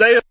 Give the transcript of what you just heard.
They